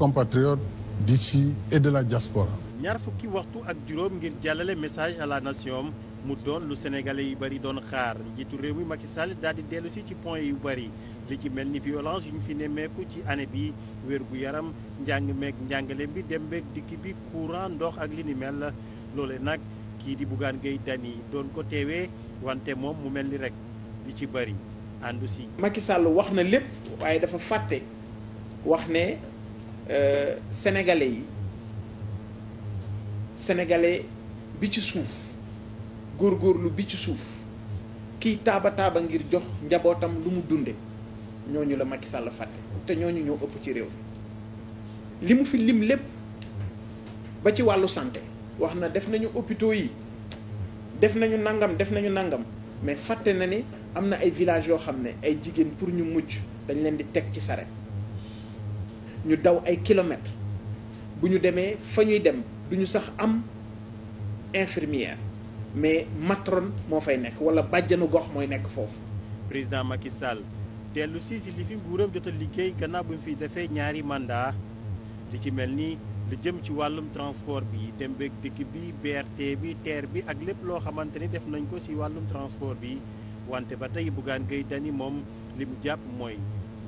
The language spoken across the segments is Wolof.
compatriotes d'ici et de la ñaar fukki waxtu ak juróom ngir jàllale message à la nation mu doon lu sénégalais yi bari doon xaar njiitu réew mi Macky Sall daal di dellu si ci point yu bëri li ci mel ni violence yu ñu fi ne nemmeeku ci année bi wér gu yaram njàng meeg njàngale bi dem beeg dikki bi courant ndox ak li ni mel la loole nag kii di Bougane Gueye Dany doon ko teewee wante moom mu mel ni rek li ci bëri àndu si. wax na lépp waaye dafa fàtte wax ne. Euh, sénégalais yi sénégalais bi ci suuf góorlu bi ci suuf kiy taaba taaba ngir jox njabootam lu mu dunde ñooñu la Macky Sall fàtte te ñooñu ñoo ëpp ci réew mi li mu fi lim lépp ba ci wàllu santé wax na def nañu hôpitaux yi def nañu nangam def nañu nangam mais fàtte na ni am na ay villages yoo xam ne ay jigéen pour ñu mucc dañ leen di teg ci sare ñu daw ay kilomètres bu ñu demee fa ñuy dem du ñu sax am infirmière mais matron moo fay nekk wala bàjjanu gox mooy nekk foofu. président Macky Sall dellu si si li fi nguuram jot a liggéey gannaaw bi mu fi defee ñaari mandat li ci mel ni lu jëm ci wàllum transport bi dem beeg bi BRT bi ak lépp loo xamante ni def nañ ko si wàllum transport bi wante ba tey Bougane Gueye Dany moom li jàpp mooy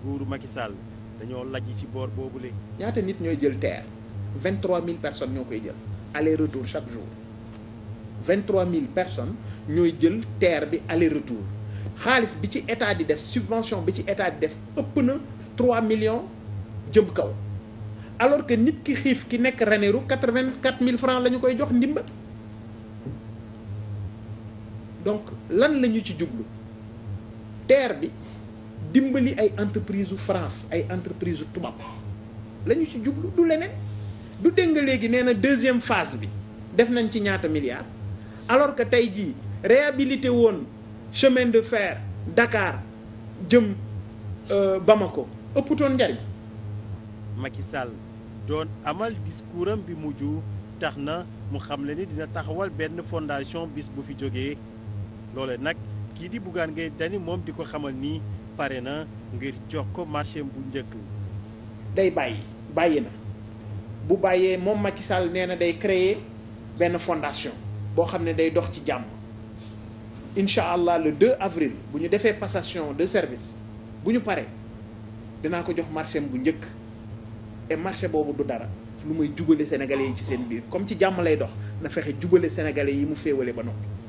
nguuru Macky dañoo laj ci boor boobu léegi. ñaata nit ñooy jël terre vingt trois mille personnes ñoo koy jël aller retour chaque jour vingt trois mille personnes ñooy jël terre bi aller retour xaalis bi ci état di def subvention bi ci état di def ëpp na trois million jëm kaw alors que nit ki xiif ki nekk Ranérou quatre vingt quatre mille francs lañu koy jox ndimba donc lan lañu ci jublu terre bi. dimbali ay entreprise u France ay entreprise u tubaab la ñu ci jublu du leneen du dégg léegi nee na deuxième phase bi def nañ ci ñaata milliards alors que tey jii réhabilité woon chemin de fer dakaar jëm euh, Bamako ëpputoon njariñ Macky Sall doon amal discours am bi ju tax na mu xam le ni dina taxawal benn fondation bis bu fi jógee loole nag kii di Bougane Gueye Dany moom di ko xamal nii pare na ngir jox ko marché bu njëkk. day bàyyi bàyyi na bu bàyyee moom Macky Sall nee na day créer benn fondation boo xam ne day dox ci jàmm incha allah le 2 avril bu ñu defee passation de service bu ñu pare dinaa ko jox marché bu njëkk te marché boobu du dara lu may jubale sénégalais yi ci seen biir comme ci jàmm lay dox na fexe jubale sénégalais yi mu féewale ba noppi.